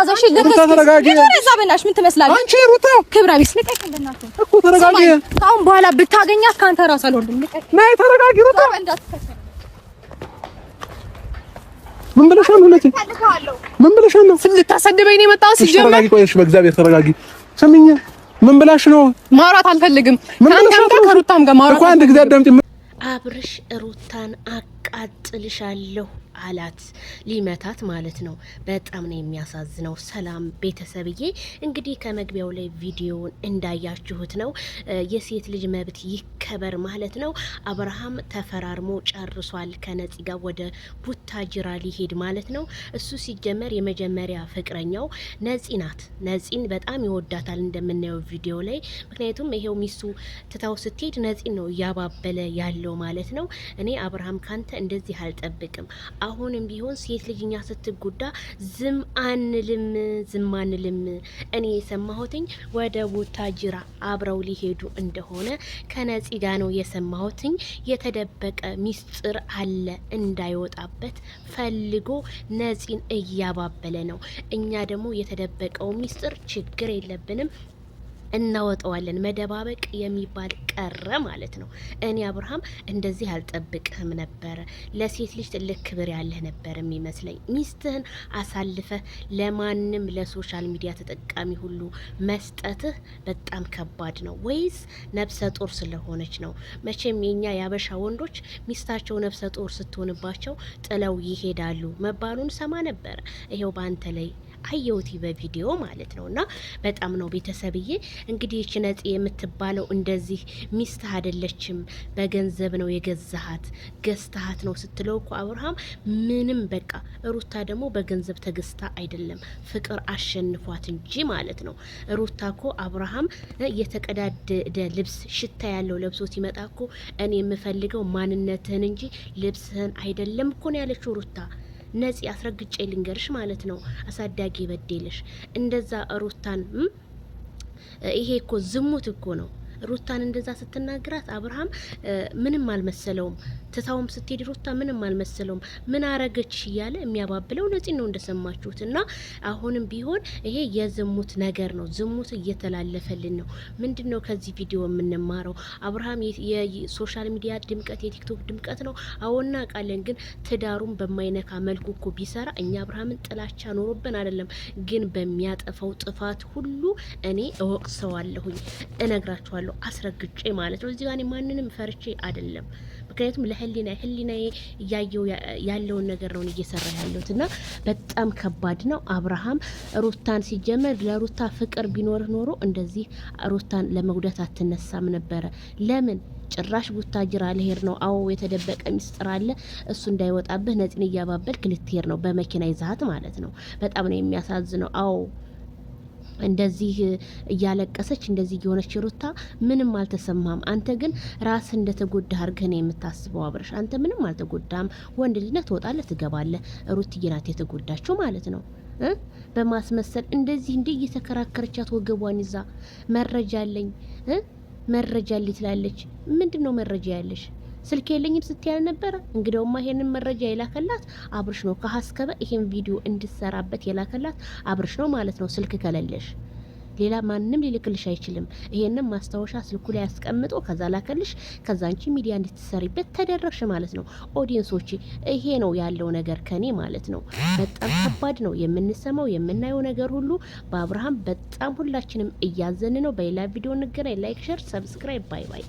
አላዛ እሺ ምን ትመስላለህ አንቺ ሩታ? ክብረ ቢስ እኮ ተረጋጊ። ከአሁን በኋላ ብታገኛት ከአንተ ራስ አልወርድም። ነይ ተረጋጊ ሩታ። ምን ብለሻል? ሁለቴ ምን ብለሻል ነው ልታሰድበኝ ነው የመጣሁት? ሲጀመር ተረጋጊ። ቆይ በእግዚአብሔር ተረጋጊ። ስሚኝ፣ ምን ብላሽ ነው? ማውራት አልፈልግም ከአንተም ጋር ከሩታም ጋር ማውራት እኮ አንድ ጊዜ አዳምጪ። አብርሽ ሩታን አቃጥልሻለሁ አላት ሊመታት ማለት ነው። በጣም ነው የሚያሳዝነው። ሰላም ቤተሰብዬ፣ እንግዲህ ከመግቢያው ላይ ቪዲዮውን እንዳያችሁት ነው የሴት ልጅ መብት ይክ ከበር ማለት ነው። አብርሃም ተፈራርሞ ጨርሷል ከነፂ ጋር ወደ ቡታጅራ ሊሄድ ማለት ነው። እሱ ሲጀመር የመጀመሪያ ፍቅረኛው ነፂ ናት። ነፂን በጣም ይወዳታል እንደምናየው ቪዲዮ ላይ። ምክንያቱም ይሄው ሚሱ ትታው ስትሄድ ነፂን ነው እያባበለ ያለው ማለት ነው። እኔ አብርሃም ካንተ እንደዚህ አልጠብቅም። አሁንም ቢሆን ሴት ልጅኛ ስትጎዳ ዝም አንልም፣ ዝም አንልም። እኔ የሰማሁትኝ ወደ ቡታጅራ አብረው ሊሄዱ እንደሆነ ከነፂ አቂዳ ነው የሰማሁትኝ። የተደበቀ ሚስጥር አለ እንዳይወጣበት ፈልጎ ነፂን እያባበለ ነው። እኛ ደግሞ የተደበቀው ሚስጥር ችግር የለብንም እናወጣዋለን መደባበቅ የሚባል ቀረ ማለት ነው። እኔ አብርሃም እንደዚህ አልጠብቅህም ነበረ። ለሴት ልጅ ትልቅ ክብር ያለህ ነበር የሚመስለኝ። ሚስትህን አሳልፈህ ለማንም ለሶሻል ሚዲያ ተጠቃሚ ሁሉ መስጠትህ በጣም ከባድ ነው፣ ወይስ ነብሰ ጡር ስለሆነች ነው? መቼም የኛ የአበሻ ወንዶች ሚስታቸው ነብሰ ጡር ስትሆንባቸው ጥለው ይሄዳሉ መባሉን ሰማ ነበረ። ይሄው በአንተ ላይ አየሁት በቪዲዮ ማለት ነው። እና በጣም ነው ቤተሰብዬ። እንግዲህ ይች ነጽ የምትባለው እንደዚህ ሚስትህ አይደለችም፣ በገንዘብ ነው የገዛሃት ገዝተሃት ነው ስትለው እኮ አብርሃም ምንም በቃ። ሩታ ደግሞ በገንዘብ ተገዝታ አይደለም ፍቅር አሸንፏት እንጂ ማለት ነው። ሩታ እኮ አብርሃም የተቀዳደደ ልብስ ሽታ ያለው ለብሶ ሲመጣ እኮ እኔ የምፈልገው ማንነትህን እንጂ ልብስህን አይደለም እኮ ነው ያለችው ሩታ ነጽ አስረግጬ ልንገርሽ ማለት ነው አሳዳጊ በዴልሽ እንደዛ ሩታን ይሄ እኮ ዝሙት እኮ ነው። ሩታን እንደዛ ስትናግራት አብርሃም ምንም አልመሰለውም። ትታውም ስትሄድ ሩታ ምንም አልመሰለውም። ምን አረገች እያለ የሚያባብለው ነፂን ነው እንደሰማችሁት። እና አሁንም ቢሆን ይሄ የዝሙት ነገር ነው። ዝሙት እየተላለፈልን ነው። ምንድን ነው ከዚህ ቪዲዮ የምንማረው? አብርሃም የሶሻል ሚዲያ ድምቀት፣ የቲክቶክ ድምቀት ነው። አዎ እናውቃለን። ግን ትዳሩን በማይነካ መልኩ እኮ ቢሰራ እኛ አብርሃምን ጥላቻ ኖሮብን አይደለም፣ ግን በሚያጠፋው ጥፋት ሁሉ እኔ እወቅሰዋለሁኝ፣ እነግራችኋለሁ። ነው አስረግጬ ማለት ነው። እዚህ ጋር ማንንም ፈርቼ አይደለም። ምክንያቱም ለህሊና ህሊና እያየው ያለውን ነገር ነው እየሰራ ያለሁት እና በጣም ከባድ ነው። አብርሃም ሩታን ሲጀመር ለሩታ ፍቅር ቢኖርህ ኖሮ እንደዚህ ሩታን ለመጉዳት አትነሳም ነበረ። ለምን ጭራሽ ቡታጅራ ልሄድ ነው? አዎ የተደበቀ ሚስጥር አለ። እሱ እንዳይወጣብህ ነፂን እያባበልክ ልትሄድ ነው፣ በመኪና ይዛሀት ማለት ነው። በጣም ነው የሚያሳዝነው። አዎ እንደዚህ እያለቀሰች እንደዚህ እየሆነች ሩታ ምንም አልተሰማም። አንተ ግን ራስ እንደተጎዳ አድርገህ ነው የምታስበው። አብረሽ አንተ ምንም አልተጎዳም። ወንድ ልጅ ነህ፣ ትወጣለህ፣ ትገባለህ። ሩትዬ ናት የተጎዳችው ማለት ነው። በማስመሰል እንደዚህ እንደ እየተከራከረቻት ወገቧን ይዛ መረጃ አለኝ መረጃ ልትላለች። ምንድን ነው መረጃ ያለሽ? ስልክ የለኝም ስትያል ነበረ። እንግዲያውማ ይሄንን መረጃ የላከላት አብርሽ ነው። ከሀስከበ ይሄን ቪዲዮ እንድሰራበት የላከላት አብርሽ ነው ማለት ነው። ስልክ ከሌለሽ ሌላ ማንም ሊልክልሽ አይችልም። ይሄንም ማስታወሻ ስልኩ ላይ ያስቀምጦ ከዛ ላከልሽ፣ ከዛ አንቺ ሚዲያ እንድትሰሪበት ተደረግሽ ማለት ነው። ኦዲየንሶች፣ ይሄ ነው ያለው ነገር ከኔ ማለት ነው። በጣም ከባድ ነው የምንሰማው የምናየው ነገር ሁሉ በአብርሃም በጣም ሁላችንም እያዘን ነው። በሌላ ቪዲዮ እንገናኝ። ላይክ፣ ሸር፣ ሰብስክራይብ። ባይ ባይ።